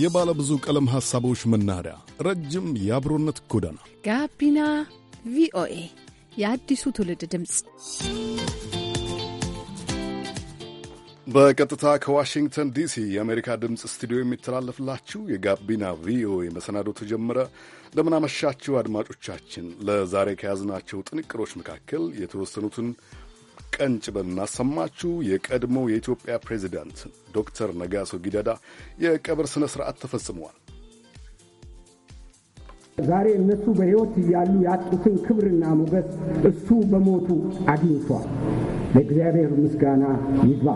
የባለ ብዙ ቀለም ሐሳቦች መናኸሪያ፣ ረጅም የአብሮነት ጎዳና ጋቢና ቪኦኤ የአዲሱ ትውልድ ድምፅ በቀጥታ ከዋሽንግተን ዲሲ የአሜሪካ ድምፅ ስቱዲዮ የሚተላለፍላችሁ የጋቢና ቪኦኤ መሰናዶ ተጀመረ። እንደምናመሻችሁ አድማጮቻችን። ለዛሬ ከያዝናቸው ጥንቅሮች መካከል የተወሰኑትን ቀንጭበን እናሰማችሁ። የቀድሞው የኢትዮጵያ ፕሬዚዳንት ዶክተር ነጋሶ ጊዳዳ የቀብር ስነ ስርዓት ተፈጽመዋል። ዛሬ እነሱ በሕይወት እያሉ ያጡትን ክብርና ሞገስ እሱ በሞቱ አግኝቷል። ለእግዚአብሔር ምስጋና ይግባ።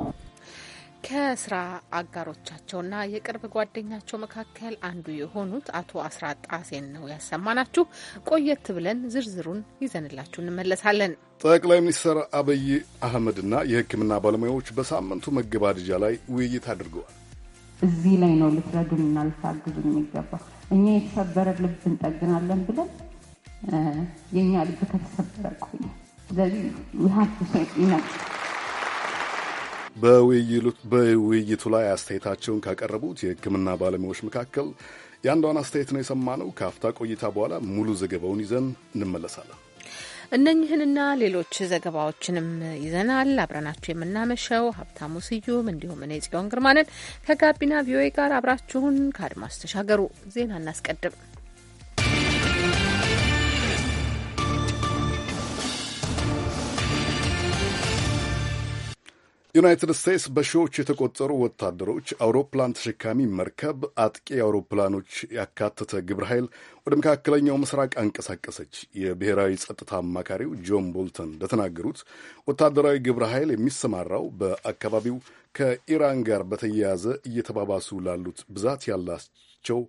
ከስራ አጋሮቻቸውና የቅርብ ጓደኛቸው መካከል አንዱ የሆኑት አቶ አስራ ጣሴን ነው ያሰማናችሁ። ቆየት ብለን ዝርዝሩን ይዘንላችሁ እንመለሳለን። ጠቅላይ ሚኒስትር አብይ አህመድና የሕክምና ባለሙያዎች በሳምንቱ መገባደጃ ላይ ውይይት አድርገዋል። እዚህ ላይ ነው ልትረዱንና ልታግዙን የሚገባ። እኛ የተሰበረ ልብ እንጠግናለን ብለን የእኛ ልብ ከተሰበረ ቆይ ስለዚህ በውይይቱ ላይ አስተያየታቸውን ካቀረቡት የሕክምና ባለሙያዎች መካከል የአንዷን አስተያየት ነው የሰማነው። ከአፍታ ቆይታ በኋላ ሙሉ ዘገባውን ይዘን እንመለሳለን። እነኝህንና ሌሎች ዘገባዎችንም ይዘናል። አብረናችሁ የምናመሸው ሀብታሙ ስዩም እንዲሁም እኔ ጽዮን ግርማንን ከጋቢና ቪኦኤ ጋር አብራችሁን ከአድማስ ተሻገሩ። ዜና እናስቀድም። ዩናይትድ ስቴትስ በሺዎች የተቆጠሩ ወታደሮች፣ አውሮፕላን ተሸካሚ መርከብ፣ አጥቂ አውሮፕላኖች ያካተተ ግብረ ኃይል ወደ መካከለኛው ምስራቅ አንቀሳቀሰች። የብሔራዊ ጸጥታ አማካሪው ጆን ቦልተን እንደተናገሩት ወታደራዊ ግብረ ኃይል የሚሰማራው በአካባቢው ከኢራን ጋር በተያያዘ እየተባባሱ ላሉት ብዛት ያላቸው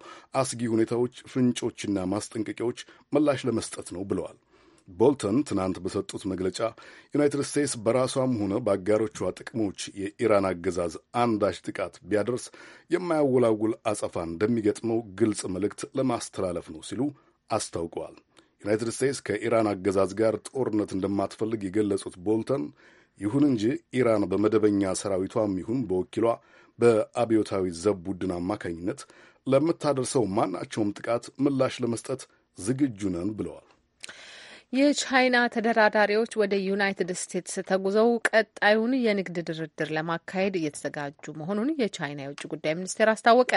አስጊ ሁኔታዎች ፍንጮችና ማስጠንቀቂያዎች ምላሽ ለመስጠት ነው ብለዋል። ቦልተን ትናንት በሰጡት መግለጫ ዩናይትድ ስቴትስ በራሷም ሆነ በአጋሮቿ ጥቅሞች የኢራን አገዛዝ አንዳች ጥቃት ቢያደርስ የማያወላውል አጸፋ እንደሚገጥመው ግልጽ መልእክት ለማስተላለፍ ነው ሲሉ አስታውቀዋል። ዩናይትድ ስቴትስ ከኢራን አገዛዝ ጋር ጦርነት እንደማትፈልግ የገለጹት ቦልተን ይሁን እንጂ ኢራን በመደበኛ ሰራዊቷም ይሁን በወኪሏ በአብዮታዊ ዘብ ቡድን አማካኝነት ለምታደርሰው ማናቸውም ጥቃት ምላሽ ለመስጠት ዝግጁ ነን ብለዋል። የቻይና ተደራዳሪዎች ወደ ዩናይትድ ስቴትስ ተጉዘው ቀጣዩን የንግድ ድርድር ለማካሄድ እየተዘጋጁ መሆኑን የቻይና የውጭ ጉዳይ ሚኒስቴር አስታወቀ።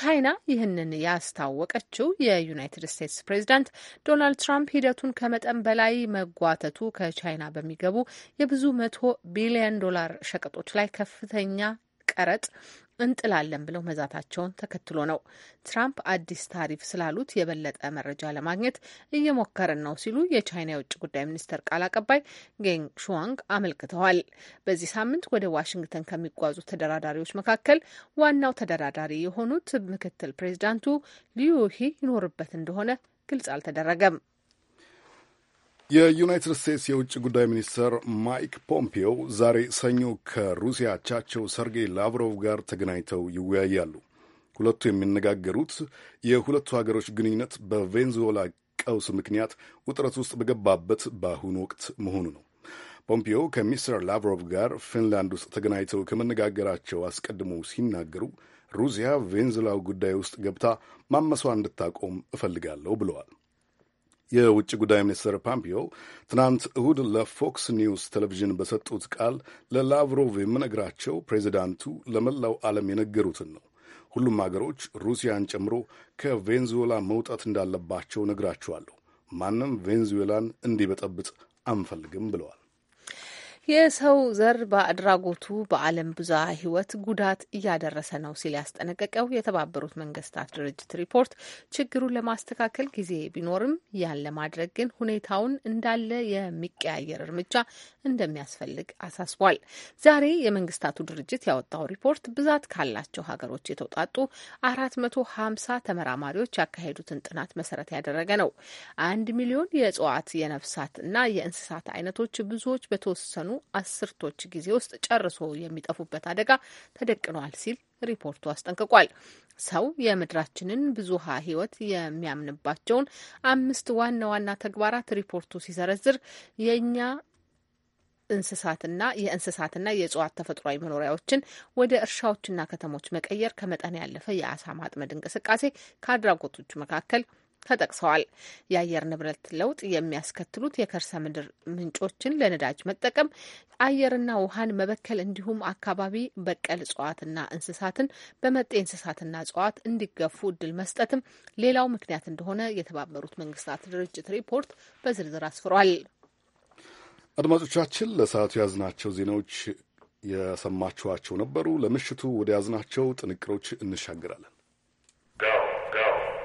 ቻይና ይህንን ያስታወቀችው የዩናይትድ ስቴትስ ፕሬዚዳንት ዶናልድ ትራምፕ ሂደቱን ከመጠን በላይ መጓተቱ ከቻይና በሚገቡ የብዙ መቶ ቢሊዮን ዶላር ሸቀጦች ላይ ከፍተኛ ቀረጥ እንጥላለን ብለው መዛታቸውን ተከትሎ ነው። ትራምፕ አዲስ ታሪፍ ስላሉት የበለጠ መረጃ ለማግኘት እየሞከርን ነው ሲሉ የቻይና የውጭ ጉዳይ ሚኒስቴር ቃል አቀባይ ጌንግ ሹዋንግ አመልክተዋል። በዚህ ሳምንት ወደ ዋሽንግተን ከሚጓዙ ተደራዳሪዎች መካከል ዋናው ተደራዳሪ የሆኑት ምክትል ፕሬዚዳንቱ ሊዩሂ ይኖርበት እንደሆነ ግልጽ አልተደረገም። የዩናይትድ ስቴትስ የውጭ ጉዳይ ሚኒስትር ማይክ ፖምፒዮ ዛሬ ሰኞ ከሩሲያ አቻቸው ሰርጌይ ላቭሮቭ ጋር ተገናኝተው ይወያያሉ። ሁለቱ የሚነጋገሩት የሁለቱ ሀገሮች ግንኙነት በቬንዙዌላ ቀውስ ምክንያት ውጥረት ውስጥ በገባበት በአሁኑ ወቅት መሆኑ ነው። ፖምፒዮ ከሚስተር ላቭሮቭ ጋር ፊንላንድ ውስጥ ተገናኝተው ከመነጋገራቸው አስቀድሞ ሲናገሩ ሩሲያ ቬንዙዌላ ጉዳይ ውስጥ ገብታ ማመሷ እንድታቆም እፈልጋለሁ ብለዋል። የውጭ ጉዳይ ሚኒስትር ፖምፒዮ ትናንት እሁድ ለፎክስ ኒውስ ቴሌቪዥን በሰጡት ቃል ለላቭሮቭ የምነግራቸው ፕሬዚዳንቱ ለመላው ዓለም የነገሩትን ነው። ሁሉም አገሮች ሩሲያን ጨምሮ ከቬንዙዌላ መውጣት እንዳለባቸው ነግራቸዋለሁ። ማንም ቬንዙዌላን እንዲበጠብጥ አንፈልግም ብለዋል። የሰው ዘር በአድራጎቱ በዓለም ብዝሃ ሕይወት ጉዳት እያደረሰ ነው ሲል ያስጠነቀቀው የተባበሩት መንግስታት ድርጅት ሪፖርት ችግሩን ለማስተካከል ጊዜ ቢኖርም ያን ለማድረግ ግን ሁኔታውን እንዳለ የሚቀያየር እርምጃ እንደሚያስፈልግ አሳስቧል። ዛሬ የመንግስታቱ ድርጅት ያወጣው ሪፖርት ብዛት ካላቸው ሀገሮች የተውጣጡ አራት መቶ ሀምሳ ተመራማሪዎች ያካሄዱትን ጥናት መሰረት ያደረገ ነው። አንድ ሚሊዮን የእጽዋት የነፍሳት እና የእንስሳት አይነቶች ብዙዎች በተወሰኑ አስርቶች ጊዜ ውስጥ ጨርሶ የሚጠፉበት አደጋ ተደቅኗል ሲል ሪፖርቱ አስጠንቅቋል። ሰው የምድራችንን ብዙሃ ህይወት የሚያምንባቸውን አምስት ዋና ዋና ተግባራት ሪፖርቱ ሲዘረዝር የእኛ እንስሳትና የእንስሳትና የእጽዋት ተፈጥሯዊ መኖሪያዎችን ወደ እርሻዎችና ከተሞች መቀየር፣ ከመጠን ያለፈ የአሳ ማጥመድ እንቅስቃሴ ከአድራጎቶቹ መካከል ተጠቅሰዋል። የአየር ንብረት ለውጥ የሚያስከትሉት የከርሰ ምድር ምንጮችን ለነዳጅ መጠቀም፣ አየርና ውሃን መበከል እንዲሁም አካባቢ በቀል እጽዋትና እንስሳትን በመጤ እንስሳትና እጽዋት እንዲገፉ እድል መስጠትም ሌላው ምክንያት እንደሆነ የተባበሩት መንግስታት ድርጅት ሪፖርት በዝርዝር አስፍሯል። አድማጮቻችን ለሰዓቱ የያዝናቸው ዜናዎች የሰማችኋቸው ነበሩ። ለምሽቱ ወደ ያዝናቸው ጥንቅሮች እንሻገራለን።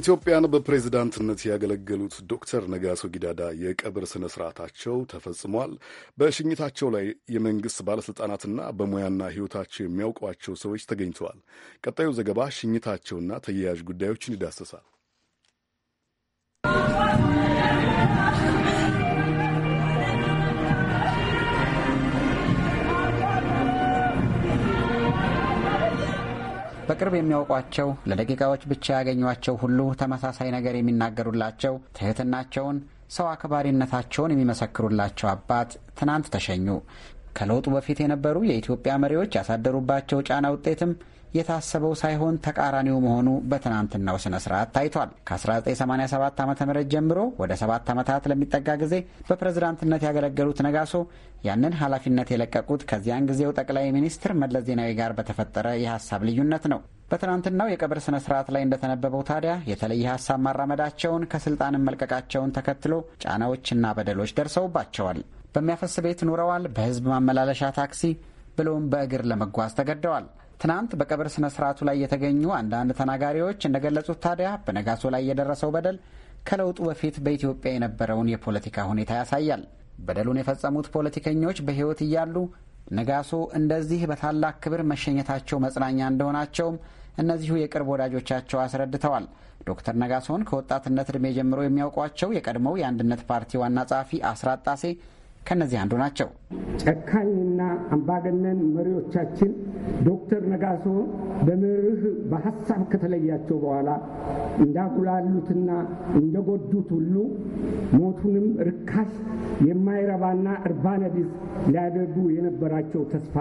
ኢትዮጵያን በፕሬዝዳንትነት ያገለገሉት ዶክተር ነጋሶ ጊዳዳ የቀብር ስነ ስርዓታቸው ተፈጽሟል። በሽኝታቸው ላይ የመንግሥት ባለሥልጣናትና በሙያና ሕይወታቸው የሚያውቋቸው ሰዎች ተገኝተዋል። ቀጣዩ ዘገባ ሽኝታቸውና ተያያዥ ጉዳዮችን ይዳሰሳል። በቅርብ የሚያውቋቸው ለደቂቃዎች ብቻ ያገኟቸው ሁሉ ተመሳሳይ ነገር የሚናገሩላቸው ትህትናቸውን፣ ሰው አክባሪነታቸውን የሚመሰክሩላቸው አባት ትናንት ተሸኙ። ከለውጡ በፊት የነበሩ የኢትዮጵያ መሪዎች ያሳደሩባቸው ጫና ውጤትም የታሰበው ሳይሆን ተቃራኒው መሆኑ በትናንትናው ስነ ስርዓት ታይቷል። ከ1987 ዓ ም ጀምሮ ወደ ሰባት ዓመታት ለሚጠጋ ጊዜ በፕሬዝዳንትነት ያገለገሉት ነጋሶ ያንን ኃላፊነት የለቀቁት ከዚያን ጊዜው ጠቅላይ ሚኒስትር መለስ ዜናዊ ጋር በተፈጠረ የሀሳብ ልዩነት ነው። በትናንትናው የቀብር ስነ ስርዓት ላይ እንደተነበበው ታዲያ የተለየ ሀሳብ ማራመዳቸውን ከስልጣንም መልቀቃቸውን ተከትሎ ጫናዎችና በደሎች ደርሰውባቸዋል። በሚያፈስ ቤት ኑረዋል። በህዝብ ማመላለሻ ታክሲ ብሎም በእግር ለመጓዝ ተገደዋል። ትናንት በቀብር ስነ ስርዓቱ ላይ የተገኙ አንዳንድ ተናጋሪዎች እንደገለጹት ታዲያ በነጋሶ ላይ የደረሰው በደል ከለውጡ በፊት በኢትዮጵያ የነበረውን የፖለቲካ ሁኔታ ያሳያል። በደሉን የፈጸሙት ፖለቲከኞች በሕይወት እያሉ ነጋሶ እንደዚህ በታላቅ ክብር መሸኘታቸው መጽናኛ እንደሆናቸውም እነዚሁ የቅርብ ወዳጆቻቸው አስረድተዋል። ዶክተር ነጋሶን ከወጣትነት ዕድሜ ጀምሮ የሚያውቋቸው የቀድሞው የአንድነት ፓርቲ ዋና ጸሐፊ አስራት ጣሴ ከእነዚህ አንዱ ናቸው። ጨካኝና አምባገነን መሪዎቻችን ዶክተር ነጋሶ በመርህ በሀሳብ ከተለያቸው በኋላ እንዳጉላሉትና እንደጎዱት ሁሉ ሞቱንም ርካሽ የማይረባና እርባነቢስ ሊያደርጉ የነበራቸው ተስፋ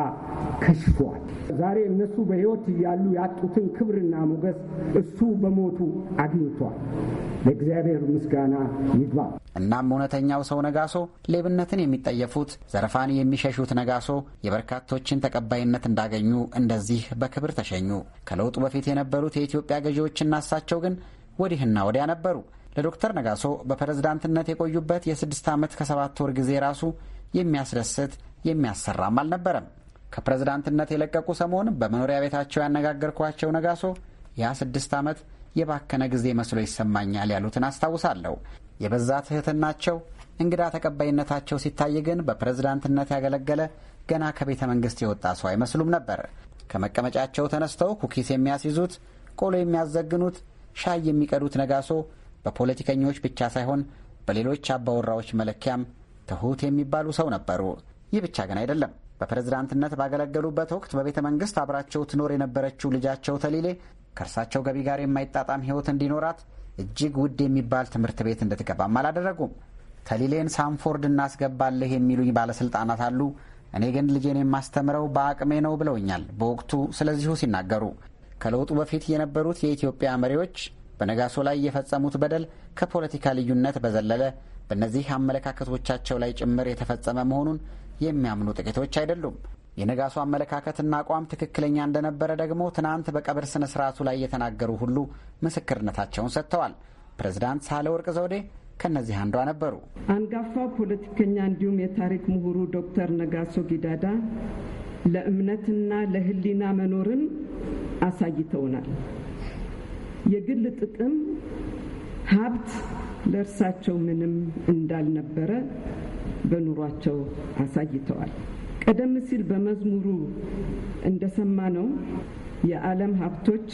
ከሽፏል። ዛሬ እነሱ በሕይወት እያሉ ያጡትን ክብርና ሞገስ እሱ በሞቱ አግኝቷል። ለእግዚአብሔር ምስጋና ይግባ። እናም እውነተኛው ሰው ነጋሶ ሌብነትን የሚጠየፉት ዘረፋን የሚሸሹት ነጋሶ የበርካቶችን ተቀባይነት እንዳገኙ እንደዚህ በክብር ተሸኙ። ከለውጡ በፊት የነበሩት የኢትዮጵያ ገዢዎችና እሳቸው ግን ወዲህና ወዲያ ነበሩ። ለዶክተር ነጋሶ በፕሬዝዳንትነት የቆዩበት የስድስት ዓመት ከሰባት ወር ጊዜ ራሱ የሚያስደስት የሚያሰራም አልነበረም። ከፕሬዝዳንትነት የለቀቁ ሰሞን በመኖሪያ ቤታቸው ያነጋገርኳቸው ነጋሶ ያ ስድስት ዓመት የባከነ ጊዜ መስሎ ይሰማኛል ያሉትን አስታውሳለሁ። የበዛ ትህትናቸው፣ እንግዳ ተቀባይነታቸው ሲታይ ግን በፕሬዝዳንትነት ያገለገለ ገና ከቤተ መንግስት የወጣ ሰው አይመስሉም ነበር። ከመቀመጫቸው ተነስተው ኩኪስ የሚያስይዙት፣ ቆሎ የሚያዘግኑት፣ ሻይ የሚቀዱት ነጋሶ በፖለቲከኞች ብቻ ሳይሆን በሌሎች አባወራዎች መለኪያም ትሑት የሚባሉ ሰው ነበሩ። ይህ ብቻ ግን አይደለም። በፕሬዝዳንትነት ባገለገሉበት ወቅት በቤተ መንግስት አብራቸው ትኖር የነበረችው ልጃቸው ተሊሌ ከእርሳቸው ገቢ ጋር የማይጣጣም ሕይወት እንዲኖራት እጅግ ውድ የሚባል ትምህርት ቤት እንድትገባም አላደረጉም። ከሊሌን ሳንፎርድ እናስገባለህ የሚሉኝ ባለስልጣናት አሉ። እኔ ግን ልጄን የማስተምረው በአቅሜ ነው ብለውኛል በወቅቱ ስለዚሁ ሲናገሩ። ከለውጡ በፊት የነበሩት የኢትዮጵያ መሪዎች በነጋሶ ላይ የፈጸሙት በደል ከፖለቲካ ልዩነት በዘለለ በእነዚህ አመለካከቶቻቸው ላይ ጭምር የተፈጸመ መሆኑን የሚያምኑ ጥቂቶች አይደሉም። የነጋሶ አመለካከትና አቋም ትክክለኛ እንደነበረ ደግሞ ትናንት በቀብር ስነ ስርዓቱ ላይ የተናገሩ ሁሉ ምስክርነታቸውን ሰጥተዋል። ፕሬዝዳንት ወርቅ ዘውዴ ከእነዚህ አንዷ ነበሩ። አንጋፋ ፖለቲከኛ እንዲሁም የታሪክ ምሁሩ ዶክተር ነጋሶ ጊዳዳ ለእምነትና ለሕሊና መኖርን አሳይተውናል። የግል ጥቅም፣ ሀብት ለእርሳቸው ምንም እንዳልነበረ በኑሯቸው አሳይተዋል። ቀደም ሲል በመዝሙሩ ነው የዓለም ሀብቶች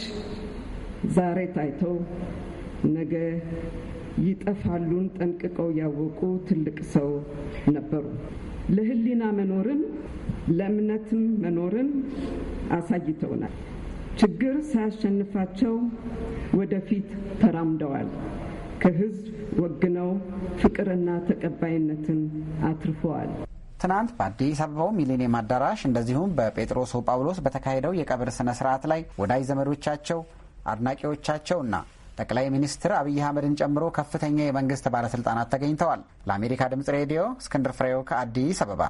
ዛሬ ታይተው ነገ ይጠፋሉን ጠንቅቀው ያወቁ ትልቅ ሰው ነበሩ። ለሕሊና መኖርን ለእምነትም መኖርን አሳይተውናል። ችግር ሳያሸንፋቸው ወደፊት ተራምደዋል። ከሕዝብ ወግነው ፍቅርና ተቀባይነትን አትርፈዋል። ትናንት በአዲስ አበባው ሚሊኒየም አዳራሽ እንደዚሁም በጴጥሮስ ጳውሎስ በተካሄደው የቀብር ስነ ስርዓት ላይ ወዳጅ ዘመዶቻቸው፣ አድናቂዎቻቸውና ጠቅላይ ሚኒስትር አብይ አህመድን ጨምሮ ከፍተኛ የመንግስት ባለስልጣናት ተገኝተዋል። ለአሜሪካ ድምጽ ሬዲዮ እስክንድር ፍሬው ከአዲስ አበባ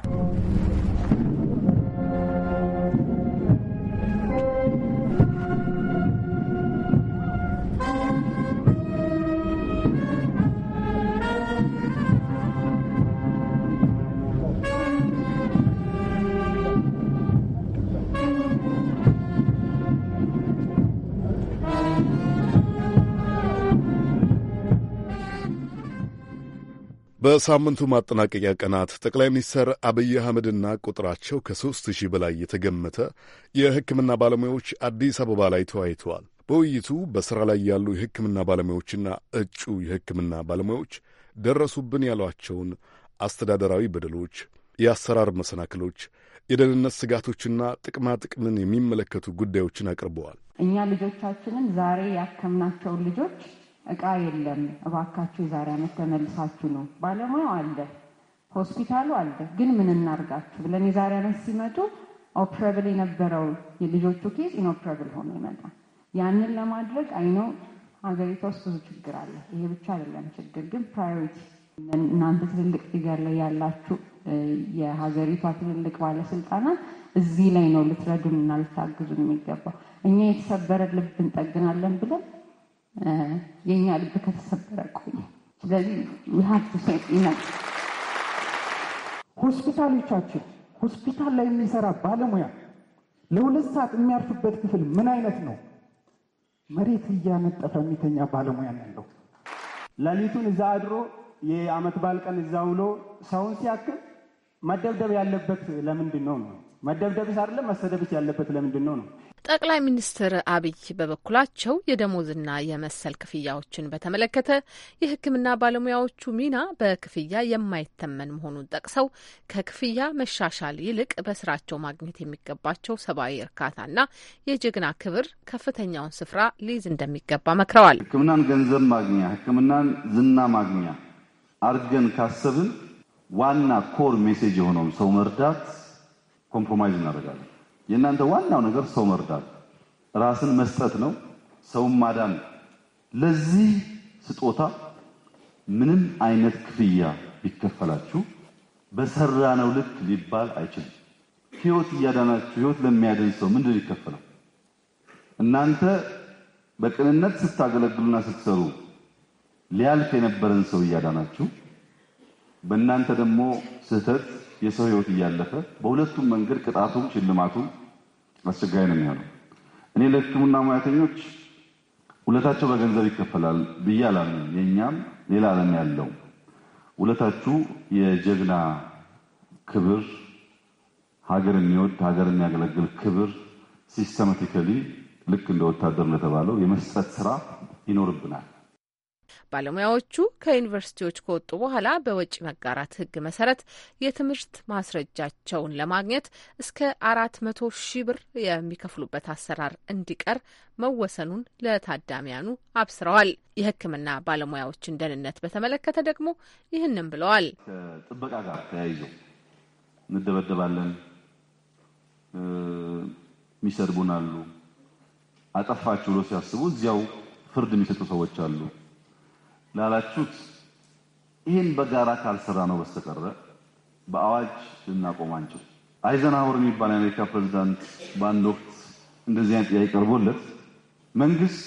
በሳምንቱ ማጠናቀቂያ ቀናት ጠቅላይ ሚኒስትር አብይ አህመድና ቁጥራቸው ከሦስት ሺህ በላይ የተገመተ የሕክምና ባለሙያዎች አዲስ አበባ ላይ ተወያይተዋል። በውይይቱ በሥራ ላይ ያሉ የሕክምና ባለሙያዎችና እጩ የሕክምና ባለሙያዎች ደረሱብን ያሏቸውን አስተዳደራዊ በደሎች፣ የአሰራር መሰናክሎች፣ የደህንነት ስጋቶችና ጥቅማጥቅምን የሚመለከቱ ጉዳዮችን አቅርበዋል። እኛ ልጆቻችንን ዛሬ ያከምናቸውን ልጆች እቃ የለም፣ እባካችሁ የዛሬ ዓመት ተመልሳችሁ ነው። ባለሙያው አለ፣ ሆስፒታሉ አለ፣ ግን ምን እናርጋችሁ ብለን የዛሬ ዓመት ሲመጡ ኦፕረብል የነበረው የልጆቹ ኬዝ ኢንኦፕረብል ሆኖ ይመጣ። ያንን ለማድረግ አይነው ሀገሪቷ ውስጥ ብዙ ችግር አለ። ይሄ ብቻ አይደለም ችግር፣ ግን ፕራዮሪቲ እናንተ ትልልቅ ፊገር ላይ ያላችሁ የሀገሪቷ ትልልቅ ባለስልጣናት እዚህ ላይ ነው ልትረዱን እና ልታግዙን የሚገባው። እኛ የተሰበረ ልብ እንጠግናለን ብለን የኛ ልብ ከተሰበረ ቆየ። ስለዚህ ሀብቱ ሆስፒታሎቻችን ሆስፒታል ላይ የሚሰራ ባለሙያ ለሁለት ሰዓት የሚያርፍበት ክፍል ምን አይነት ነው? መሬት እያነጠፈ የሚተኛ ባለሙያ ነው ያለው። ሌሊቱን እዛ አድሮ የአመት በዓል ቀን እዛ ውሎ ሰውን ሲያክል መደብደብ ያለበት ለምንድን ነው ነው መደብደብስ አይደለም መሰደብስ ያለበት ለምንድን ነው ነው። ጠቅላይ ሚኒስትር አብይ በበኩላቸው የደሞዝና የመሰል ክፍያዎችን በተመለከተ የሕክምና ባለሙያዎቹ ሚና በክፍያ የማይተመን መሆኑን ጠቅሰው ከክፍያ መሻሻል ይልቅ በስራቸው ማግኘት የሚገባቸው ሰብአዊ እርካታና የጀግና ክብር ከፍተኛውን ስፍራ ሊይዝ እንደሚገባ መክረዋል። ሕክምናን ገንዘብ ማግኛ፣ ሕክምናን ዝና ማግኛ አድርገን ካሰብን ዋና ኮር ሜሴጅ የሆነውን ሰው መርዳት ኮምፕሮማይዝ እናደርጋለን። የእናንተ ዋናው ነገር ሰው መርዳት፣ ራስን መስጠት ነው፣ ሰውን ማዳን። ለዚህ ስጦታ ምንም አይነት ክፍያ ቢከፈላችሁ በሰራነው ልክ ሊባል አይችልም። ህይወት እያዳናችሁ ህይወት ለሚያድን ሰው ምንድን ይከፈላል? እናንተ በቅንነት ስታገለግሉና ስትሰሩ ሊያልፍ የነበረን ሰው እያዳናችሁ በእናንተ ደግሞ ስህተት የሰው ህይወት እያለፈ በሁለቱም መንገድ ቅጣቱም ሽልማቱም አስቸጋሪ ነው የሚሆነው። እኔ ለህክምና ሙያተኞች ውለታቸው በገንዘብ ይከፈላል ብዬ አላምንም። የእኛም ሌላ ዓለም ያለው ውለታችሁ የጀግና ክብር፣ ሀገር የሚወድ ሀገር የሚያገለግል ክብር ሲስተማቲካሊ ልክ እንደ ወታደር እንደተባለው የመስጠት ስራ ይኖርብናል። ባለሙያዎቹ ከዩኒቨርሲቲዎች ከወጡ በኋላ በወጪ መጋራት ህግ መሰረት የትምህርት ማስረጃቸውን ለማግኘት እስከ አራት መቶ ሺህ ብር የሚከፍሉበት አሰራር እንዲቀር መወሰኑን ለታዳሚያኑ አብስረዋል። የህክምና ባለሙያዎችን ደህንነት በተመለከተ ደግሞ ይህንም ብለዋል። ከጥበቃ ጋር ተያይዞ እንደበደባለን፣ የሚሰድቡን አሉ። አጠፋችሁ ብሎ ሲያስቡ እዚያው ፍርድ የሚሰጡ ሰዎች አሉ ላላችሁት ይህን በጋራ ካልሰራ ነው በስተቀረ በአዋጅ ልናቆም አንችል። አይዘንሃወር የሚባል የአሜሪካ ፕሬዚዳንት በአንድ ወቅት እንደዚህ አይነት ጥያቄ ቀርቦለት መንግስት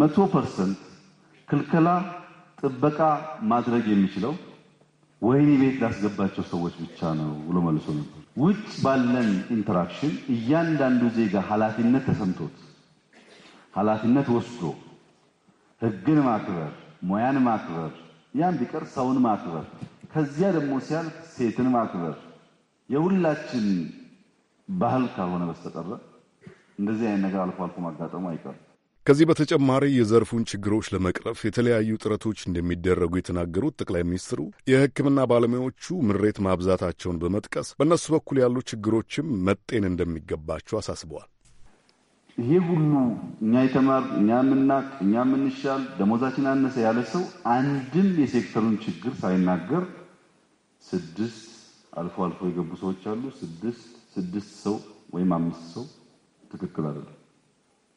መቶ ፐርሰንት ክልከላ ጥበቃ ማድረግ የሚችለው ወህኒ ቤት ላስገባቸው ሰዎች ብቻ ነው ብሎ መልሶ ነበር። ውጭ ባለን ኢንተራክሽን እያንዳንዱ ዜጋ ኃላፊነት ተሰምቶት ኃላፊነት ወስዶ ህግን ማክበር ሙያን ማክበር፣ ያም ቢቀር ሰውን ማክበር፣ ከዚያ ደግሞ ሲያልፍ ሴትን ማክበር የሁላችን ባህል ካልሆነ በስተቀረ እንደዚህ አይነት ነገር አልፎ አልፎ ማጋጠሙ አይቀርም። ከዚህ በተጨማሪ የዘርፉን ችግሮች ለመቅረፍ የተለያዩ ጥረቶች እንደሚደረጉ የተናገሩት ጠቅላይ ሚኒስትሩ የሕክምና ባለሙያዎቹ ምሬት ማብዛታቸውን በመጥቀስ በእነሱ በኩል ያሉ ችግሮችም መጤን እንደሚገባቸው አሳስበዋል። ይሄ ሁሉ እኛ የተማር እኛ የምናቅ እኛ የምንሻል ደሞዛችን አነሰ ያለ ሰው አንድም የሴክተሩን ችግር ሳይናገር ስድስት አልፎ አልፎ የገቡ ሰዎች አሉ። ስድስት ስድስት ሰው ወይም አምስት ሰው ትክክል አይደለም፣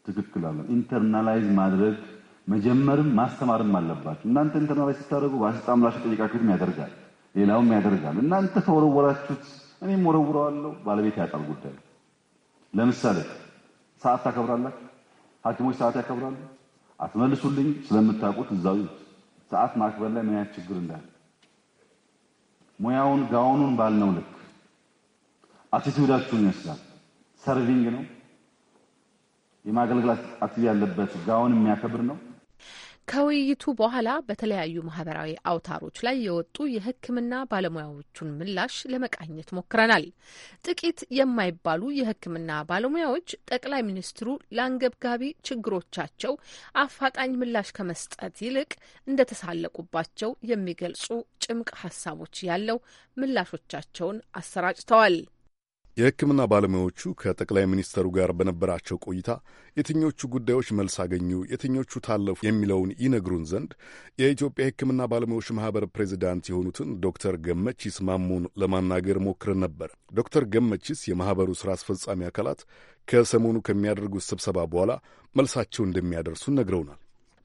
ትክክል አለ። ኢንተርናላይዝ ማድረግ መጀመርም ማስተማርም አለባችሁ። እናንተ ኢንተርናላይዝ ስታደርጉ በአስጣ ምላሽ ጠይቃችሁትም ያደርጋል፣ ሌላውም ያደርጋል። እናንተ ተወረወራችሁት፣ እኔም ወረውረዋለሁ። ባለቤት ያጣል ጉዳይ ለምሳሌ ሰዓት ታከብራላችሁ፣ ሐኪሞች ሰዓት ያከብራሉ። አትመልሱልኝ ስለምታውቁት እዛው ሰዓት ማክበር ላይ ምን ችግር እንዳለ ሙያውን ጋውኑን ባልነው ልክ አቲቲዩዳችሁን ይመስላል። ሰርቪንግ ነው የማገልግል አቲቲዩድ ያለበት ጋውን የሚያከብር ነው። ከውይይቱ በኋላ በተለያዩ ማህበራዊ አውታሮች ላይ የወጡ የሕክምና ባለሙያዎቹን ምላሽ ለመቃኘት ሞክረናል። ጥቂት የማይባሉ የሕክምና ባለሙያዎች ጠቅላይ ሚኒስትሩ ለአንገብጋቢ ችግሮቻቸው አፋጣኝ ምላሽ ከመስጠት ይልቅ እንደተሳለቁባቸው የሚገልጹ ጭምቅ ሀሳቦች ያለው ምላሾቻቸውን አሰራጭተዋል። የሕክምና ባለሙያዎቹ ከጠቅላይ ሚኒስተሩ ጋር በነበራቸው ቆይታ የትኞቹ ጉዳዮች መልስ አገኙ፣ የትኞቹ ታለፉ የሚለውን ይነግሩን ዘንድ የኢትዮጵያ የሕክምና ባለሙያዎች ማህበር ፕሬዚዳንት የሆኑትን ዶክተር ገመቺስ ማሞን ለማናገር ሞክረን ነበር። ዶክተር ገመቺስ የማህበሩ ስራ አስፈጻሚ አካላት ከሰሞኑ ከሚያደርጉት ስብሰባ በኋላ መልሳቸው እንደሚያደርሱን ነግረውናል።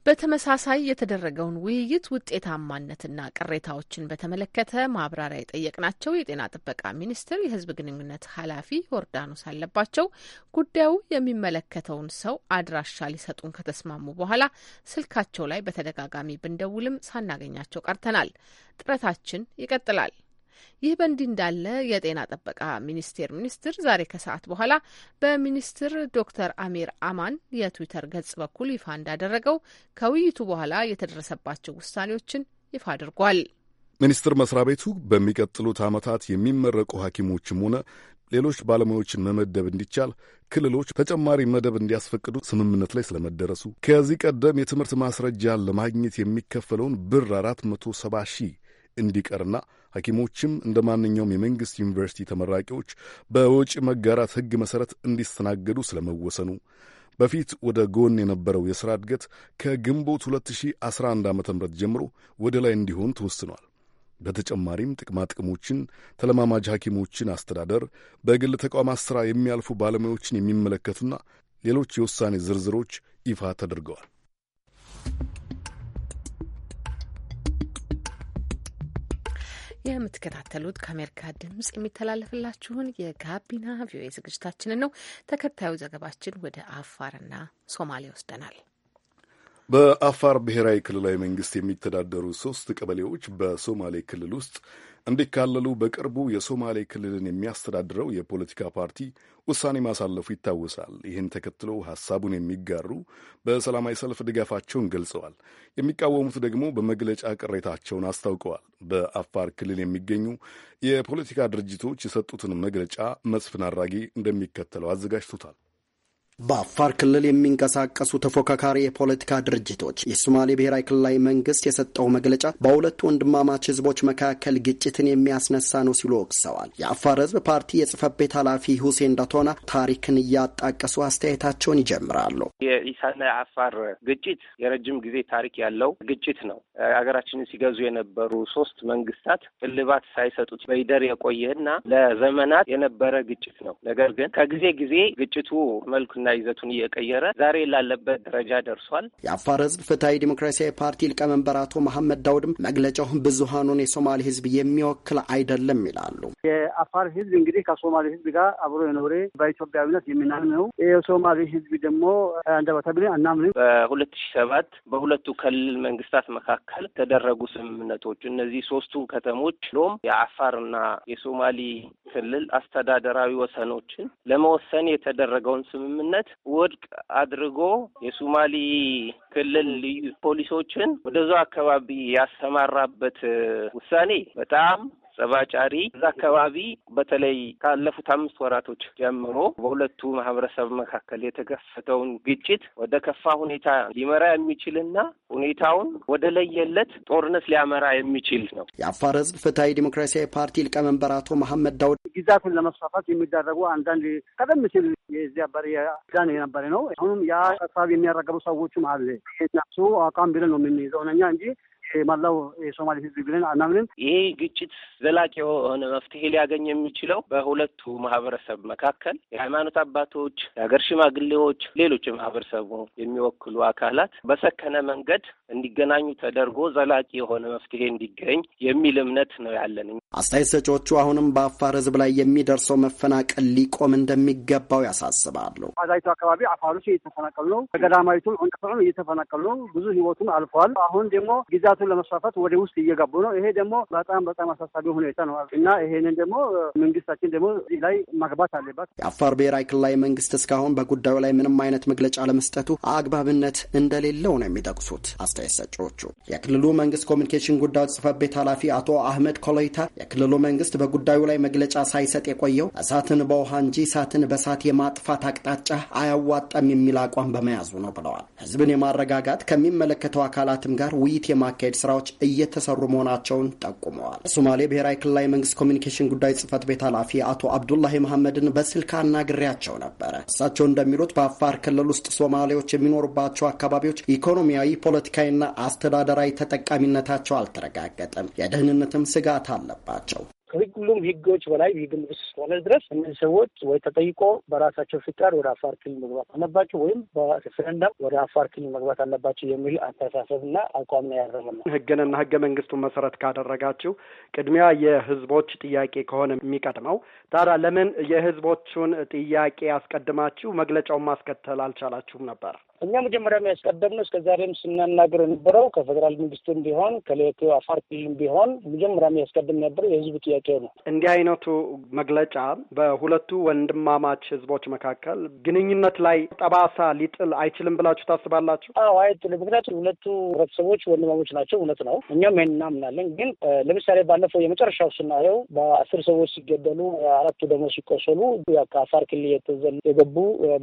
በተመሳሳይ የተደረገውን ውይይት ውጤታማነትና ቅሬታዎችን በተመለከተ ማብራሪያ የጠየቅናቸው የጤና ጥበቃ ሚኒስቴር የሕዝብ ግንኙነት ኃላፊ ዮርዳኖስ አለባቸው ጉዳዩ የሚመለከተውን ሰው አድራሻ ሊሰጡን ከተስማሙ በኋላ ስልካቸው ላይ በተደጋጋሚ ብንደውልም ሳናገኛቸው ቀርተናል። ጥረታችን ይቀጥላል። ይህ በእንዲህ እንዳለ የጤና ጥበቃ ሚኒስቴር ሚኒስትር ዛሬ ከሰዓት በኋላ በሚኒስትር ዶክተር አሚር አማን የትዊተር ገጽ በኩል ይፋ እንዳደረገው ከውይይቱ በኋላ የተደረሰባቸው ውሳኔዎችን ይፋ አድርጓል። ሚኒስትር መስሪያ ቤቱ በሚቀጥሉት ዓመታት የሚመረቁ ሐኪሞችም ሆነ ሌሎች ባለሙያዎችን መመደብ እንዲቻል ክልሎች ተጨማሪ መደብ እንዲያስፈቅዱ ስምምነት ላይ ስለመደረሱ ከዚህ ቀደም የትምህርት ማስረጃ ለማግኘት የሚከፈለውን ብር አራት መቶ ሰባ ሺህ እንዲቀርና ሐኪሞችም እንደ ማንኛውም የመንግሥት ዩኒቨርሲቲ ተመራቂዎች በወጪ መጋራት ሕግ መሠረት እንዲስተናገዱ ስለመወሰኑ በፊት ወደ ጎን የነበረው የሥራ እድገት ከግንቦት 2011 ዓ ም ጀምሮ ወደ ላይ እንዲሆን ተወስኗል። በተጨማሪም ጥቅማጥቅሞችን፣ ተለማማጅ ሐኪሞችን አስተዳደር፣ በግል ተቋማት ሥራ የሚያልፉ ባለሙያዎችን የሚመለከቱና ሌሎች የውሳኔ ዝርዝሮች ይፋ ተደርገዋል። የምትከታተሉት ከአሜሪካ ድምጽ የሚተላለፍላችሁን የጋቢና ቪኦኤ ዝግጅታችንን ነው። ተከታዩ ዘገባችን ወደ አፋርና ሶማሌ ይወስደናል። በአፋር ብሔራዊ ክልላዊ መንግስት የሚተዳደሩ ሶስት ቀበሌዎች በሶማሌ ክልል ውስጥ እንዲካለሉ በቅርቡ የሶማሌ ክልልን የሚያስተዳድረው የፖለቲካ ፓርቲ ውሳኔ ማሳለፉ ይታወሳል። ይህን ተከትሎ ሀሳቡን የሚጋሩ በሰላማዊ ሰልፍ ድጋፋቸውን ገልጸዋል። የሚቃወሙት ደግሞ በመግለጫ ቅሬታቸውን አስታውቀዋል። በአፋር ክልል የሚገኙ የፖለቲካ ድርጅቶች የሰጡትን መግለጫ መስፍን አራጌ እንደሚከተለው አዘጋጅቶታል። በአፋር ክልል የሚንቀሳቀሱ ተፎካካሪ የፖለቲካ ድርጅቶች የሶማሌ ብሔራዊ ክልላዊ መንግስት የሰጠው መግለጫ በሁለቱ ወንድማማች ህዝቦች መካከል ግጭትን የሚያስነሳ ነው ሲሉ ወቅሰዋል። የአፋር ህዝብ ፓርቲ የጽህፈት ቤት ኃላፊ ሁሴን ዳቶና ታሪክን እያጣቀሱ አስተያየታቸውን ይጀምራሉ። የኢሳና የአፋር ግጭት የረጅም ጊዜ ታሪክ ያለው ግጭት ነው። ሀገራችን ሲገዙ የነበሩ ሶስት መንግስታት እልባት ሳይሰጡት በይደር የቆየና ለዘመናት የነበረ ግጭት ነው። ነገር ግን ከጊዜ ጊዜ ግጭቱ መልኩ መልኩንና ይዘቱን እየቀየረ ዛሬ ላለበት ደረጃ ደርሷል። የአፋር ህዝብ ፍትሐዊ ዲሞክራሲያዊ ፓርቲ ሊቀመንበር አቶ መሐመድ ዳውድም መግለጫው ብዙሀኑን የሶማሌ ህዝብ የሚወክል አይደለም ይላሉ። የአፋር ህዝብ እንግዲህ ከሶማሌ ህዝብ ጋር አብሮ የኖረ በኢትዮጵያዊነት የሚናም ነው። የሶማሌ ህዝብ ደግሞ አንደበተ ብለን አናምንም። በሁለት ሺ ሰባት በሁለቱ ክልል መንግስታት መካከል የተደረጉ ስምምነቶች እነዚህ ሶስቱ ከተሞች ሎም የአፋርና የሶማሌ ክልል አስተዳደራዊ ወሰኖችን ለመወሰን የተደረገውን ስምምነት ስምምነት ወድቅ አድርጎ የሱማሌ ክልል ልዩ ፖሊሶችን ወደዛ አካባቢ ያሰማራበት ውሳኔ በጣም ጸባጫሪ እዛ አካባቢ በተለይ ካለፉት አምስት ወራቶች ጀምሮ በሁለቱ ማህበረሰብ መካከል የተከሰተውን ግጭት ወደ ከፋ ሁኔታ ሊመራ የሚችልና ሁኔታውን ወደ ለየለት ጦርነት ሊያመራ የሚችል ነው። የአፋር ህዝብ ፍትሀዊ ዲሞክራሲያዊ ፓርቲ ሊቀመንበር አቶ መሐመድ ዳውድ ግዛቱን ለመስፋፋት የሚደረጉ አንዳንድ ቀደም ሲል የዚህ አባሪ ዳን የነበረ ነው። አሁንም ያ አካባቢ የሚያረገቡ ሰዎችም አለ። እነሱ አቋም ብለን ነው የምንይዘው እኛ እንጂ የመላው የሶማሌ ህዝብ ብለን አናምንም። ይሄ ግጭት ዘላቂ የሆነ መፍትሄ ሊያገኝ የሚችለው በሁለቱ ማህበረሰብ መካከል የሃይማኖት አባቶች፣ የሀገር ሽማግሌዎች፣ ሌሎች የማህበረሰቡ የሚወክሉ አካላት በሰከነ መንገድ እንዲገናኙ ተደርጎ ዘላቂ የሆነ መፍትሄ እንዲገኝ የሚል እምነት ነው ያለን። አስተያየት ሰጪዎቹ አሁንም በአፋር ህዝብ ላይ የሚደርሰው መፈናቀል ሊቆም እንደሚገባው ያሳስባሉ። አዛይቱ አካባቢ አፋሮች እየተፈናቀሉ ነው። በገዳማዊቱም እንቅፍም እየተፈናቀሉ ነው። ብዙ ህይወቱን አልፏል። አሁን ደግሞ ጊዜ ጥቃቱን ለመስፋፋት ወደ ውስጥ እየገቡ ነው። ይሄ ደግሞ በጣም በጣም አሳሳቢ ሁኔታ ነው እና ይሄንን ደግሞ መንግስታችን ደግሞ ላይ ማግባት አለባት። የአፋር ብሔራዊ ክልላዊ መንግስት እስካሁን በጉዳዩ ላይ ምንም አይነት መግለጫ ለመስጠቱ አግባብነት እንደሌለው ነው የሚጠቅሱት አስተያየት ሰጪዎቹ። የክልሉ መንግስት ኮሚኒኬሽን ጉዳዮች ጽህፈት ቤት ኃላፊ አቶ አህመድ ኮሎይታ የክልሉ መንግስት በጉዳዩ ላይ መግለጫ ሳይሰጥ የቆየው እሳትን በውሃ እንጂ እሳትን በእሳት የማጥፋት አቅጣጫ አያዋጣም የሚል አቋም በመያዙ ነው ብለዋል። ህዝብን የማረጋጋት ከሚመለከተው አካላትም ጋር ውይይት የማካሄድ የማካሄድ ስራዎች እየተሰሩ መሆናቸውን ጠቁመዋል። ሶማሌ ብሔራዊ ክልላዊ መንግስት ኮሚኒኬሽን ጉዳይ ጽህፈት ቤት ኃላፊ አቶ አብዱላሂ መሐመድን በስልክ አናግሬያቸው ነበረ። እሳቸው እንደሚሉት በአፋር ክልል ውስጥ ሶማሌዎች የሚኖሩባቸው አካባቢዎች ኢኮኖሚያዊ፣ ፖለቲካዊና አስተዳደራዊ ተጠቃሚነታቸው አልተረጋገጠም። የደህንነትም ስጋት አለባቸው። ከሁሉም ህጎች በላይ ህግም እስከሆነ ድረስ እነዚህ ሰዎች ወይ ተጠይቆ በራሳቸው ፍቃድ ወደ አፋር ክልል መግባት አለባቸው ወይም በሬፈረንደም ወደ አፋር ክልል መግባት አለባቸው የሚል አስተሳሰብና አቋም ነው ያረመና ህግንና ህገ መንግስቱን መሰረት ካደረጋችሁ ቅድሚያ የህዝቦች ጥያቄ ከሆነ የሚቀድመው ታዲያ ለምን የህዝቦቹን ጥያቄ አስቀድማችሁ መግለጫውን ማስከተል አልቻላችሁም ነበር? እኛ መጀመሪያ ያስቀደምነው እስከ ዛሬም ስናናገር የነበረው ከፌዴራል መንግስትም ቢሆን ከአፋር ክልልም ቢሆን መጀመሪያ የሚያስቀድም የነበረው የህዝብ ጥያቄ ነው። እንዲህ አይነቱ መግለጫ በሁለቱ ወንድማማች ህዝቦች መካከል ግንኙነት ላይ ጠባሳ ሊጥል አይችልም ብላችሁ ታስባላችሁ? አዎ አይጥል። ምክንያቱም ሁለቱ ህብረተሰቦች ወንድማሞች ናቸው። እውነት ነው። እኛም ይህን እናምናለን። ግን ለምሳሌ ባለፈው የመጨረሻው ስናየው በአስር ሰዎች ሲገደሉ አራቱ ደግሞ ሲቆሰሉ ከአፋር ክልል የተዘ የገቡ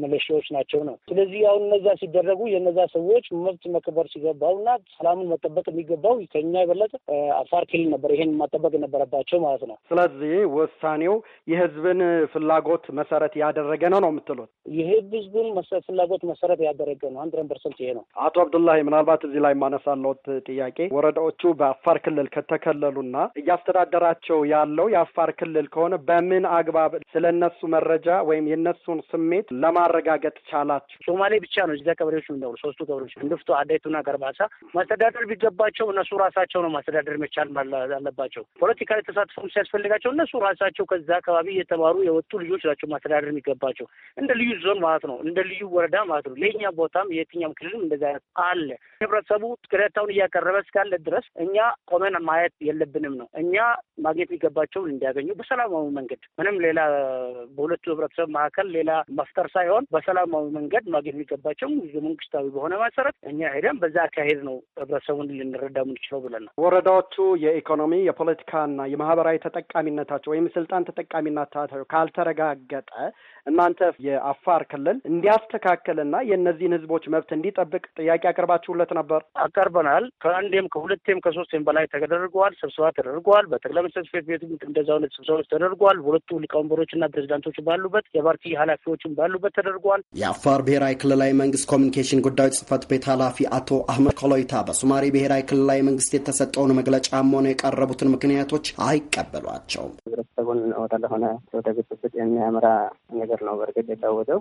መለሻዎች ናቸው ነው። ስለዚህ አሁን እነዛ ሲደረጉ የነዛ ሰዎች መብት መከበር ሲገባውና ሰላሙን መጠበቅ የሚገባው ከኛ የበለጠ አፋር ክልል ነበር ይሄን መጠበቅ የነበረባቸው ማለት ነው። ስለዚህ ውሳኔው የህዝብን ፍላጎት መሰረት ያደረገ ነው ነው የምትሉት? የህዝብን ፍላጎት መሰረት ያደረገ ነው። አንድ ፐርሰንት ይሄ ነው። አቶ አብዱላሂ ምናልባት እዚህ ላይ ማነሳለውት ጥያቄ ወረዳዎቹ በአፋር ክልል ከተከለሉና እያስተዳደራቸው ያለው የአፋር ክልል ከሆነ በምን አግባብ ስለነሱ መረጃ ወይም የነሱን ስሜት ለማረጋገጥ ቻላችሁ? ሶማሌ ብቻ ነው እነዚያ ቀበሌዎች ነው የሚኖሩ ሶስቱ ቀበሌዎች እንድፍቶ፣ አዳይቱና ገርባሳ ማስተዳደር ቢገባቸው እነሱ ራሳቸው ነው ማስተዳደር መቻል አለባቸው። ላይ ተሳትፎም ሲያስፈልጋቸው እነሱ ራሳቸው ከዛ አካባቢ የተማሩ የወጡ ልጆች ናቸው ማስተዳደር የሚገባቸው እንደ ልዩ ዞን ማለት ነው እንደ ልዩ ወረዳ ማለት ነው። ለእኛ ቦታም የትኛም ክልልም እንደዚ አይነት አለ። ህብረተሰቡ ቅሬታውን እያቀረበ እስካለ ድረስ እኛ ቆመን ማየት የለብንም ነው። እኛ ማግኘት የሚገባቸውን እንዲያገኙ በሰላማዊ መንገድ ምንም ሌላ በሁለቱ ህብረተሰብ መካከል ሌላ መፍጠር ሳይሆን በሰላማዊ መንገድ ማግኘት የሚገባቸው ህገ መንግስታዊ በሆነ መሰረት እኛ ሄደን በዛ አካሄድ ነው ህብረተሰቡን ልንረዳ ምንችለው ብለን ነው። ወረዳዎቹ የኢኮኖሚ የፖለቲካና የማህበራዊ ተጠቃሚነታቸው ወይም ስልጣን ተጠቃሚነታቸው ካልተረጋገጠ እናንተ የአፋር ክልል እንዲያስተካክልና የእነዚህን ህዝቦች መብት እንዲጠብቅ ጥያቄ አቅርባችሁለት ነበር? አቀርበናል። ከአንዴም ከሁለቴም ከሶስቴም በላይ ተደርገዋል። ስብሰባ ተደርገዋል። በጠቅላይ ሚኒስትር ጽሕፈት ቤት እንደዛ አይነት ስብሰባዎች ተደርገዋል። ሁለቱ ሊቀመንበሮችና ፕሬዚዳንቶች ባሉበት፣ የፓርቲ ኃላፊዎችም ባሉበት ተደርገዋል። የአፋር ብሔራዊ ክልላዊ መንግስት ኮሚኒኬሽን ጉዳዮች ጽህፈት ቤት ኃላፊ አቶ አህመድ ኮሎይታ በሶማሌ ብሔራዊ ክልላዊ መንግስት የተሰጠውን መግለጫም ሆነ የቀረቡትን ምክንያቶች አይቀበሏቸውም። ህብረተሰቡን ወደለሆነ ወደ ብጥብጥ የሚያመራ ነገር ነው። በእርግጥ የታወቀው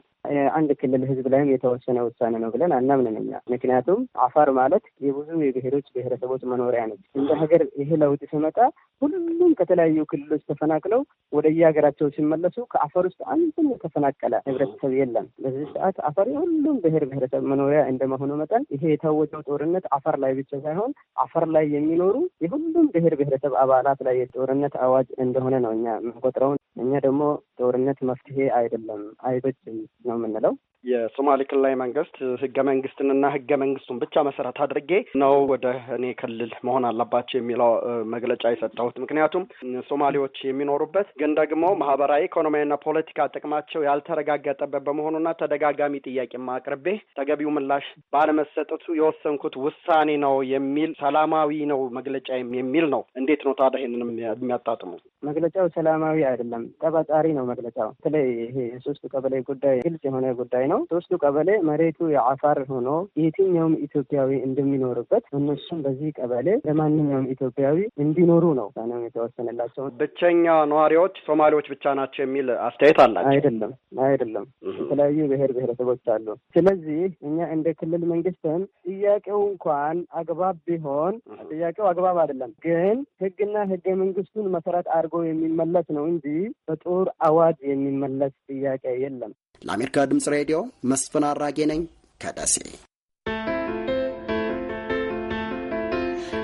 አንድ ክልል ህዝብ ላይም የተወሰነ ውሳኔ ነው ብለን አናምንም እኛ። ምክንያቱም አፋር ማለት የብዙ የብሔሮች ብሔረሰቦች መኖሪያ ነች። እንደ ሀገር ይህ ለውጥ ሲመጣ ሁሉም ከተለያዩ ክልሎች ተፈናቅለው ወደ የሀገራቸው ሲመለሱ ከአፈር ውስጥ አንድም የተፈናቀለ ህብረተሰብ የለም። በዚህ ሰዓት አፈር የሁሉም ብሔር ማህበረሰብ መኖሪያ እንደመሆኑ መጠን ይሄ የታወጀው ጦርነት አፈር ላይ ብቻ ሳይሆን አፈር ላይ የሚኖሩ የሁሉም ብሔር ብሔረሰብ አባላት ላይ የጦርነት አዋጅ እንደሆነ ነው እኛ የምንቆጥረውን። እኛ ደግሞ ጦርነት መፍትሄ አይደለም አይበጅም ነው የምንለው። የሶማሌ ክልላዊ መንግስት ህገ መንግስትንና ህገ መንግስቱን ብቻ መሰረት አድርጌ ነው ወደ እኔ ክልል መሆን አለባቸው የሚለው መግለጫ የሰጠሁት። ምክንያቱም ሶማሌዎች የሚኖሩበት ግን ደግሞ ማህበራዊ፣ ኢኮኖሚያዊና ፖለቲካ ጥቅማቸው ያልተረጋገጠበት በመሆኑና ተደጋጋሚ ጥያቄ አቅርቤ ተገቢው ምላሽ ባለመሰጠቱ የወሰንኩት ውሳኔ ነው የሚል ሰላማዊ ነው መግለጫ የሚል ነው። እንዴት ነው ታዲያ ይሄንን የሚያጣጥሙ? መግለጫው ሰላማዊ አይደለም፣ ጠባጣሪ ነው መግለጫው። በተለይ ይሄ የሶስት ቀበሌ ጉዳይ ግልጽ የሆነ ጉዳይ ነው። ሶስቱ ቀበሌ መሬቱ የአፋር ሆኖ የትኛውም ኢትዮጵያዊ እንደሚኖርበት እነሱም በዚህ ቀበሌ ለማንኛውም ኢትዮጵያዊ እንዲኖሩ ነው ነው የተወሰነላቸው። ብቸኛ ነዋሪዎች ሶማሌዎች ብቻ ናቸው የሚል አስተያየት አላቸው። አይደለም፣ አይደለም። የተለያዩ ብሔር ብሔረሰቦች አሉ። ስለዚህ እኛ እንደ ክልል መንግስትም ጥያቄው እንኳን አግባብ ቢሆን ጥያቄው አግባብ አይደለም፣ ግን ህግና ህገ መንግስቱን መሰረት አድርጎ የሚመለስ ነው እንጂ በጦር አዋጅ የሚመለስ ጥያቄ የለም። ለአሜሪካ ድምፅ ሬዲዮ መስፍን አራጌ ነኝ ከደሴ።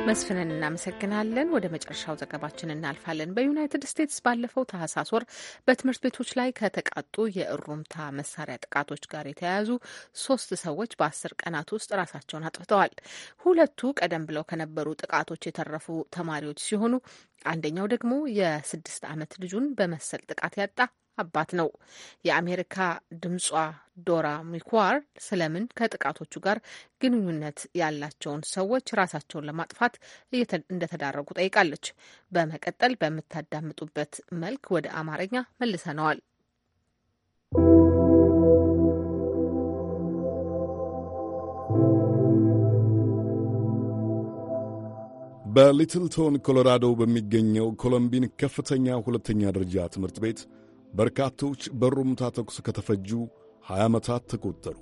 መስፍንን እናመሰግናለን። ወደ መጨረሻው ዘገባችን እናልፋለን። በዩናይትድ ስቴትስ ባለፈው ታህሳስ ወር በትምህርት ቤቶች ላይ ከተቃጡ የእሩምታ መሳሪያ ጥቃቶች ጋር የተያያዙ ሶስት ሰዎች በአስር ቀናት ውስጥ ራሳቸውን አጥፍተዋል። ሁለቱ ቀደም ብለው ከነበሩ ጥቃቶች የተረፉ ተማሪዎች ሲሆኑ አንደኛው ደግሞ የስድስት ዓመት ልጁን በመሰል ጥቃት ያጣ አባት ነው። የአሜሪካ ድምጿ ዶራ ሚኳር ስለምን ከጥቃቶቹ ጋር ግንኙነት ያላቸውን ሰዎች ራሳቸውን ለማጥፋት እንደተዳረጉ ጠይቃለች። በመቀጠል በምታዳምጡበት መልክ ወደ አማርኛ መልሰነዋል። በሊትልቶን ኮሎራዶ በሚገኘው ኮሎምቢን ከፍተኛ ሁለተኛ ደረጃ ትምህርት ቤት በርካቶች በሩምታ ተኩስ ከተፈጁ 20 ዓመታት ተቆጠሩ።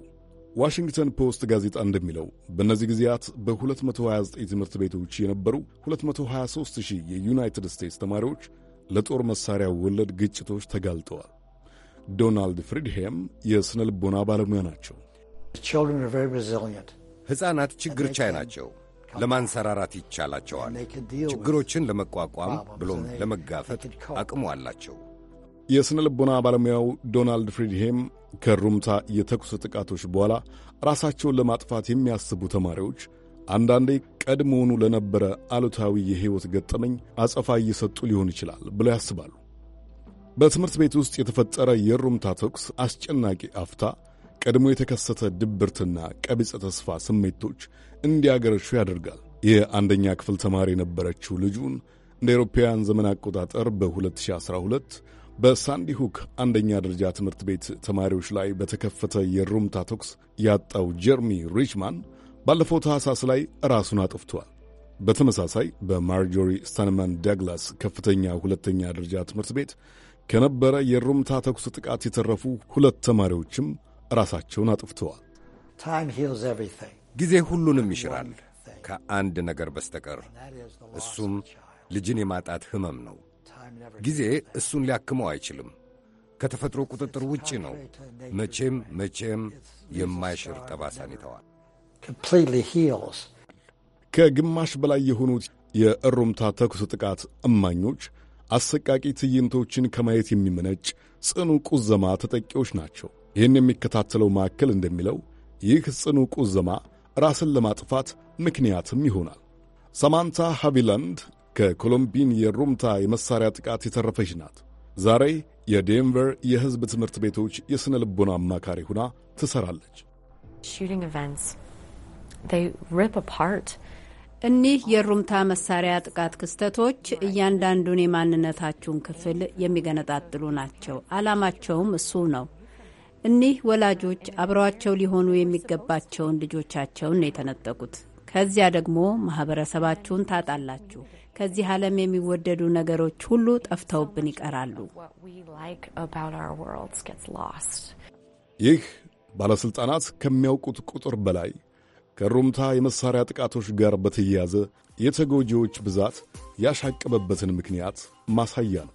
ዋሽንግተን ፖስት ጋዜጣ እንደሚለው በእነዚህ ጊዜያት በ229 ትምህርት ቤቶች የነበሩ 223 ሺህ የዩናይትድ ስቴትስ ተማሪዎች ለጦር መሣሪያ ወለድ ግጭቶች ተጋልጠዋል። ዶናልድ ፍሪድሄም የሥነ ልቦና ባለሙያ ናቸው። ሕፃናት ችግር ቻይ ናቸው። ለማንሰራራት ይቻላቸዋል። ችግሮችን ለመቋቋም ብሎም ለመጋፈጥ አቅሙ አላቸው። የሥነ ልቦና ባለሙያው ዶናልድ ፍሪድሄም ከሩምታ የተኩስ ጥቃቶች በኋላ ራሳቸውን ለማጥፋት የሚያስቡ ተማሪዎች አንዳንዴ ቀድሞውኑ ለነበረ አሉታዊ የሕይወት ገጠመኝ አጸፋ እየሰጡ ሊሆን ይችላል ብለው ያስባሉ። በትምህርት ቤት ውስጥ የተፈጠረ የሩምታ ተኩስ አስጨናቂ አፍታ ቀድሞ የተከሰተ ድብርትና ቀቢጸ ተስፋ ስሜቶች እንዲያገረሹ ያደርጋል። የአንደኛ ክፍል ተማሪ የነበረችው ልጁን እንደ አውሮፓውያን ዘመን አቆጣጠር በ2012 በሳንዲሁክ አንደኛ ደረጃ ትምህርት ቤት ተማሪዎች ላይ በተከፈተ የሩምታ ተኩስ ያጣው ጀርሚ ሪችማን ባለፈው ታህሳስ ላይ ራሱን አጥፍቷል። በተመሳሳይ በማርጆሪ ስታንማን ዳግላስ ከፍተኛ ሁለተኛ ደረጃ ትምህርት ቤት ከነበረ የሩምታ ተኩስ ጥቃት የተረፉ ሁለት ተማሪዎችም ራሳቸውን አጥፍተዋል። ጊዜ ሁሉንም ይሽራል ከአንድ ነገር በስተቀር እሱም ልጅን የማጣት ሕመም ነው። ጊዜ እሱን ሊያክመው አይችልም። ከተፈጥሮ ቁጥጥር ውጪ ነው። መቼም መቼም የማይሽር ጠባሳን ይተዋል። ከግማሽ በላይ የሆኑት የእሩምታ ተኩስ ጥቃት እማኞች አሰቃቂ ትዕይንቶችን ከማየት የሚመነጭ ጽኑ ቁዘማ ተጠቂዎች ናቸው። ይህን የሚከታተለው ማዕከል እንደሚለው ይህ ጽኑ ቁዘማ ራስን ለማጥፋት ምክንያትም ይሆናል። ሳማንታ ሃቪላንድ ከኮሎምቢን የሩምታ የመሣሪያ ጥቃት የተረፈች ናት። ዛሬ የዴንቨር የሕዝብ ትምህርት ቤቶች የሥነ ልቦና አማካሪ ሁና ትሠራለች። እኒህ የሩምታ መሳሪያ ጥቃት ክስተቶች እያንዳንዱን የማንነታችሁን ክፍል የሚገነጣጥሉ ናቸው። ዓላማቸውም እሱ ነው። እኒህ ወላጆች አብረዋቸው ሊሆኑ የሚገባቸውን ልጆቻቸውን ነው የተነጠቁት። ከዚያ ደግሞ ማህበረሰባችሁን ታጣላችሁ። ከዚህ ዓለም የሚወደዱ ነገሮች ሁሉ ጠፍተውብን ይቀራሉ። ይህ ባለሥልጣናት ከሚያውቁት ቁጥር በላይ ከሩምታ የመሳሪያ ጥቃቶች ጋር በተያያዘ የተጎጂዎች ብዛት ያሻቀበበትን ምክንያት ማሳያ ነው።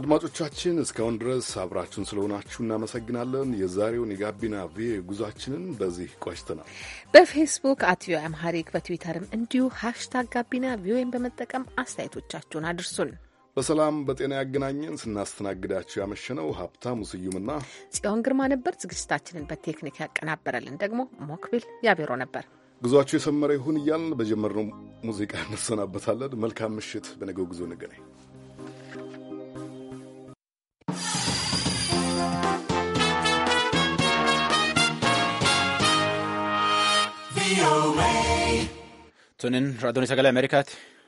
አድማጮቻችን እስካሁን ድረስ አብራችሁን ስለሆናችሁ እናመሰግናለን። የዛሬውን የጋቢና ቪኦኤ ጉዟችንን በዚህ ቋጭተናል። በፌስቡክ አት ቪኦኤ አምሃሪክ በትዊተርም እንዲሁ ሀሽታግ ጋቢና ቪኦኤን በመጠቀም አስተያየቶቻችሁን አድርሱን። በሰላም በጤና ያገናኘን። ስናስተናግዳችሁ ያመሸነው ሀብታሙ ስዩምና ጽዮን ግርማ ነበር። ዝግጅታችንን በቴክኒክ ያቀናበረልን ደግሞ ሞክቢል ያቤሮ ነበር። ጉዟችሁ የሰመረ ይሁን እያልን በጀመርነው ሙዚቃ እንሰናበታለን። መልካም ምሽት። በነገው ጉዞ እንገናኝ። Sunin raadiyoon isa galee Ameerikaati.